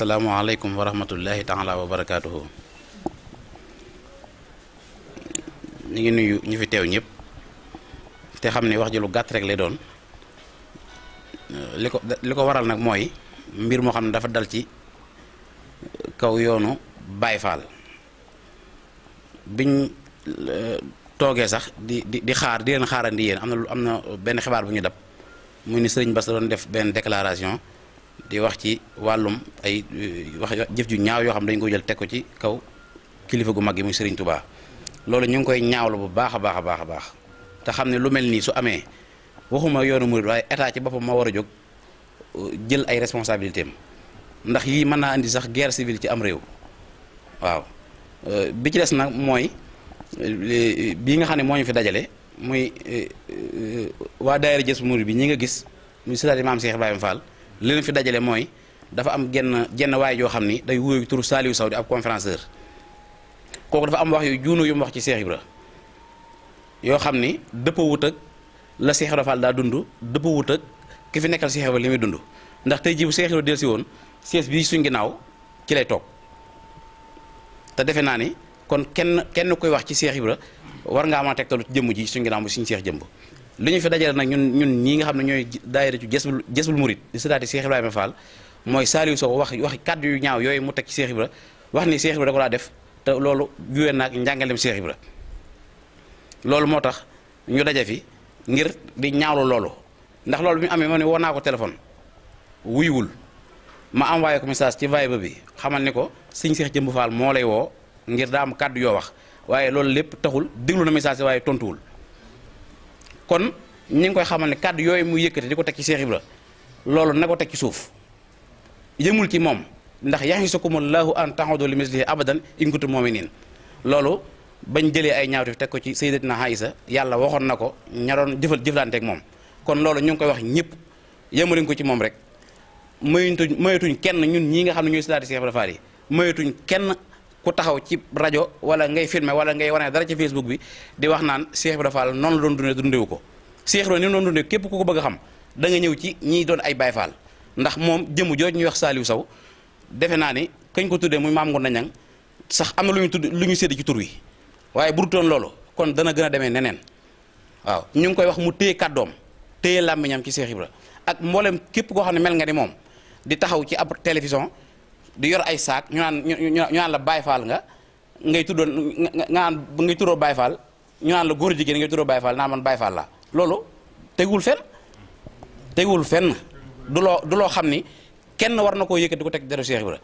salaamaaleykum wa rahmatullahi taala wa barakaatuhu ñu ngi nuyu ñu fi teew ñëpp te xam ne wax ji lu gàtt rek lay doon li ko li ko waral nag mooy mbir moo xam ne dafa dal ci kaw yoonu Baay Faal biñ toogee sax di di di xaar di leen di yéen am na lu am na benn xibaar bu ñu dab mu ni sëriñ Bass doon def benn déclaration. di wax ci wàllum ay euh, wax jëf ju ñaaw yoo xam dañ ko jël teg ko ci kaw kilifa gu mag yi muy Serigne Touba loolu ñu ngi koy ñaawlu bu baax a baax a baax a baax te xam ne lu mel nii su amee waxuma yoonu murid waaye état ci boppam moo war a jóg euh, jël ay responsabilité am ndax yii mën naa indi sax guerre civile ci am réew waaw euh, bi ci des nag mooy bii nga xam ne moo ñu fi dajale muy waa daayira jës murid bi ñi nga gis muy sëtaati maam Cheikh Ibrahima Fall. li leen fi dajale mooy dafa am genn genn waay joo xam ni day wuyoo turu Saliou Sow di ab conférencier kooku dafa am wax yu juunu yu mu wax ci Cheikh Ibra yoo xam ni dëppa wut la Cheikh Ibra Fall daa dund dëppa wut ki fi nekkal Cheikh Ibra li muy dund ndax tey jii bu Cheikh Ibra woon siège bi suñ ginnaaw ci lay toog te defe naa ni kon kenn kenn koy wax ci Cheikh Ibra war nga mën a tegtalu jëmm ji suñ ginnaaw mu suñ Cheikh jëmb li ñu fi dajale nag ñun ñun ñii xam ne ñooy daayira ci jësbul jësbul murit di sëtaati Cheikh Ibrahima faal mooy Saliou Sow wax wax kàddu yu ñaaw yooyu mu teg ci Cheikh Ibra wax ni Cheikh Ibra da laa def te loolu juwee naag njàngalem Cheikh Ibra loolu moo tax ñu daje fi ngir di ñaawlu loolu ndax loolu bi ñu amee ma ne woo naa ko téléphone wuyuwul ma envoyé ko message ci Viber bi xamal ni ko sëñ Cheikh Jëmb Fall moo lay woo ngir daa am kàddu yoo wax waaye loolu lépp taxul déglu na message waaye tontuwul kon ñi ngi koy xamal ne kàddu yooyu muy yëkkati di ko teg ci Cheikh la loolu na ko teg ci suuf yëmul ci moom ndax ko yaxisakumullahu an ta'udu li mislihi abadan moom kuntum niin loolu bañ jëlee ay ñaawteef teg ko ci na sayyidatina sa yàlla waxoon na ko ña doon jëfal jëflanteeg moom kon loolu ñu ngi koy wax ñëpp yëmaliñ ko ci moom rek maytuñ maytuñ kenn ñun ñii nga xam ne ñooy sidaati Cheikh Ibra Fall yi maytuñ kenn ku taxaw ci rajo wala ngay filmer wala ngay wane dara ci Facebook bi di wax naan Cheikh Ibra Fall noonu la doon dundee dundewu ko Cheikh Ibra ni mu doon dundee képp ku ko bëgg a xam da ñëw ci ñiy doon ay Baye ndax moom jëmu jooju ñuy wax Saliou Sow defe naa ni kañ ko tuddee muy maam Ngoné Niang sax am na lu ñu tudd lu ñu sédd ci tur waaye bu dutoon loolu kon dana gën a demee neneen waaw ñu ngi koy wax mu téye kàddoom téye làmmiñam ci Cheikh Ibra ak mboolem képp koo xam ne mel nga ni moom di taxaw ci ab télévision di yor ay saak ñu naan ñu naan la Baay Faal nga ngay tuddoon nga naan ngay tuddoo Baay Faal ñu naan la góor jigéen ngay tuddoo Baay Faal naan man Baay Faal la loolu tegul fenn tegul fenn du loo du loo xam ni kenn war na koo yëkkati ko teg deru Cheikh Ibra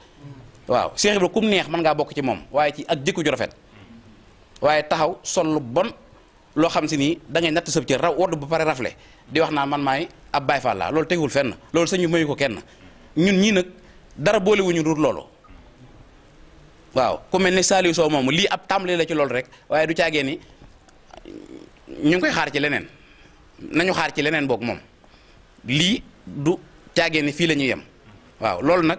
waaw Cheikh Ibra neex mën ngaa bokk ci moom waaye ci ak jikko ju rafet waaye taxaw sol lu bon loo xam si nii da natt sëb cër raw wodd ba pare rafle naa man maay ab Baay loolu tegul fenn loolu sëñ bi mayu ko kenn ñun ñii nag. dara boolewuñu dul loolu waaw ku mel ni Saliou Sow moomu lii ab tàmbali la ci loolu rek waaye du caagee ni ñu ngi koy xaar ci leneen nañu xaar ci leneen boog moom lii du caagee ni fii la ñuy yem waaw loolu nag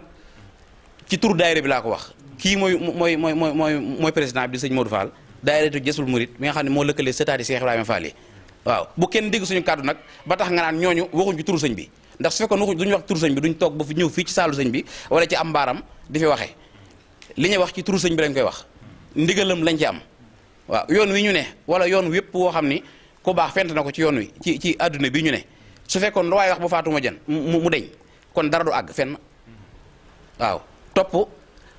ci tur daayira bi laa ko wax kii mooy mooy mooy mooy mooy président bi di sëñ Modou Fall daayiratu Jësul Murit mi nga xam ne moo lëkkalee sëtaati Cheikh Ibrahima Fall waaw bu kenn dégg suñu kàddu nag ba tax nga naan ñooñu waxuñ ci turu sëñ bi ndax su fekkoon duñu wax turu sëñ bi duñ toog ba fi ñëw fii ci saalu sëñ bi wala ci am mbaaram di fi waxee li ñuy wax ci turu sëñ bi lañ koy wax ndigalam lañ ci am waaw yoon wi ñu ne wala yoon wépp woo xam ni ku baax fent na ko ci yoon wi ci ci àdduna bi ñu ne su fekkoon lu wax bu faatuma jën mu deñ kon dara du àgg fenn waaw topp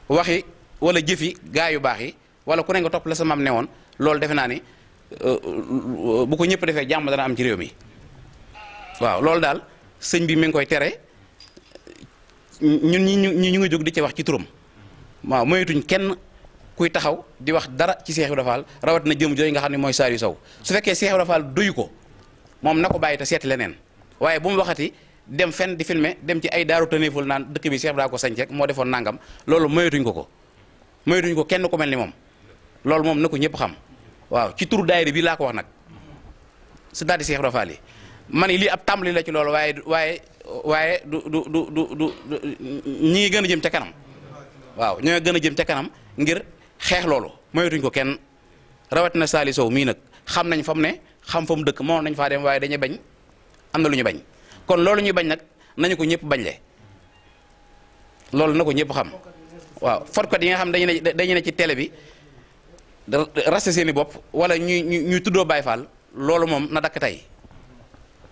waxi wala jëfi gaa yu baax yi wala ku ne nga topp la sa maam ne woon loolu defe naa ni euh, euh, bu ko ñëpp defee jàmm dana am ci réew mi waaw sëñ bi mi ngi koy tere ñun ñi ñu ñu ngi jóg di ci wax ci turam waaw moytuñ kenn kuy taxaw di wax dara ci Cheikh Ibrahima rawat na jëm jooy nga xam ne mooy Saliou Sow su fekkee Cheikh Ibrahima Fall doyu ko moom na ko bàyyi te seeti leneen waaye bu mu waxati dem fenn di filmer dem ci ay daaru tëneeful naan dëkk bi Cheikh Ibrahima ko sañceeg moo defoon nangam loolu moytuñ ko ko moytuñ ko kenn ku mel ni moom loolu moom na ko ñëpp xam waaw ci turu daayira bi laa ko wax nag su daal di Cheikh Ibrahima yi ma ne lii ab tàmbali la ci loolu waaye waaye waaye du du du du du ñi ngi gën a jëm ca kanam waaw ñoo nga gën a jëm ca kanam ngir xeex loolu moytuñ ko kenn rawatina Saliou Sow mii nag xam nañ fa ne xam mu dëkk moo nañ faa dem waaye dañuy bañ am lu ñu bañ kon loolu ñu bañ nag nañu ko ñëpp bañ le loolu na ko ñëpp xam waaw fotkat yi nga xam dañu ne dañu ne ci télé bi raste bopp wala ñuy ñuy tuddoo Baye Fall loolu moom na dakk tey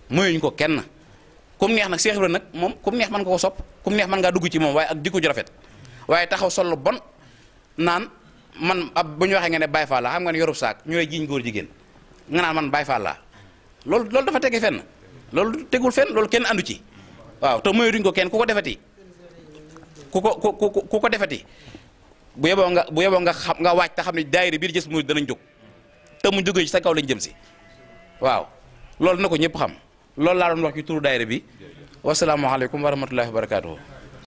mayuñ ko kenn kum neex nag Cheikh Ibrahima nag moom kum neex mën nga sopp kum neex mën ngaa dugg ci moom waaye ak jikko waaye taxaw sol lu bon naan man ab bu waxee nga ne Baye Fall la xam nga ne saak ñu lay jiiñ jigéen nga man Baye Fall loolu loolu dafa tege fenn loolu tegul fenn loolu kenn andu ci waaw te mayuñ ko kenn ku ko defeti ku ko ku ko defati bu yeboo nga bu yeboo nga xam nga waaj te xam ne daayira biir jës mu danañ jóg te mu jógee ci sa kaw lañ jëm si waaw loolu na ko ñëpp xam. loolu laa doon wax ci turu daayira bi wasalaamualeykum wa rahmatullahi wa barakaatuhu